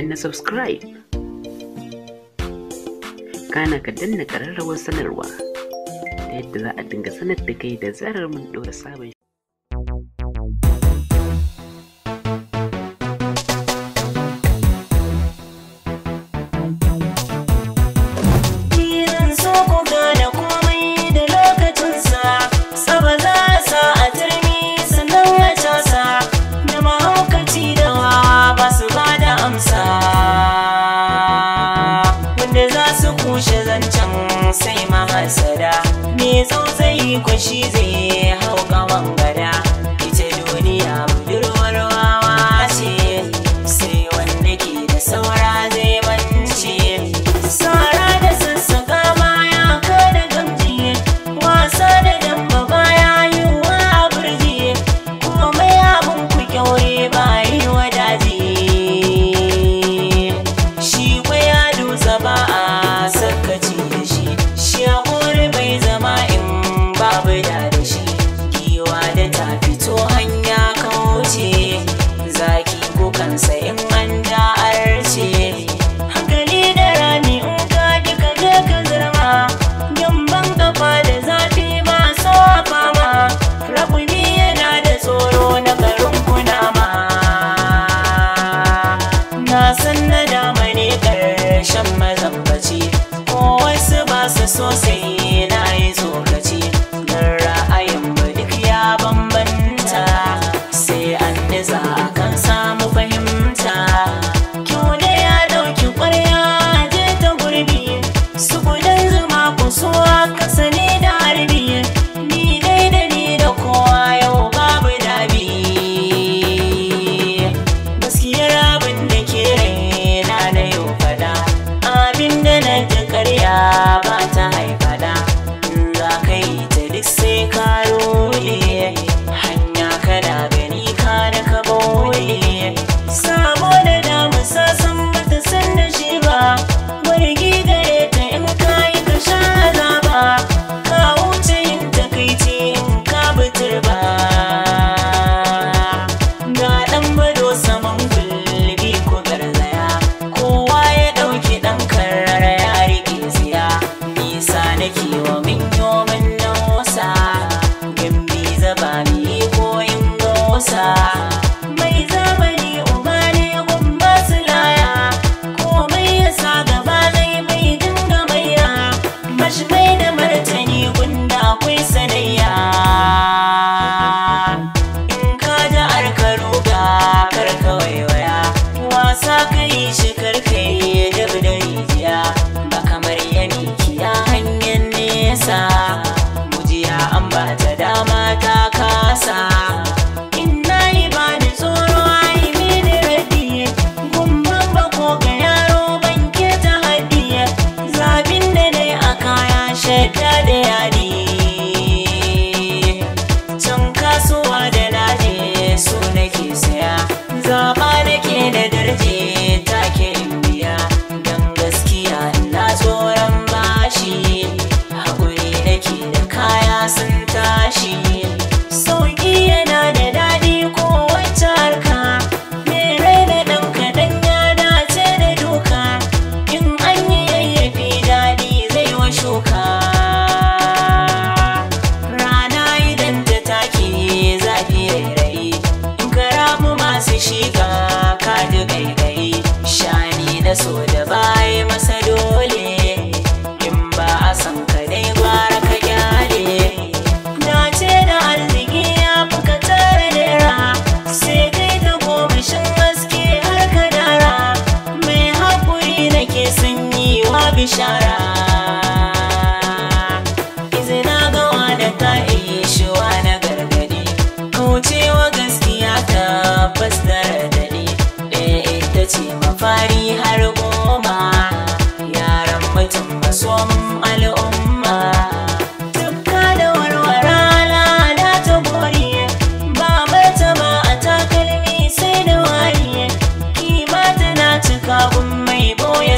danna subscribe kana ka danna ƙararrawar sanarwa ta yadda za a dinga sanar da kai da zarar mun ɗora sabon zo zai kwashi zai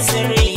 sirri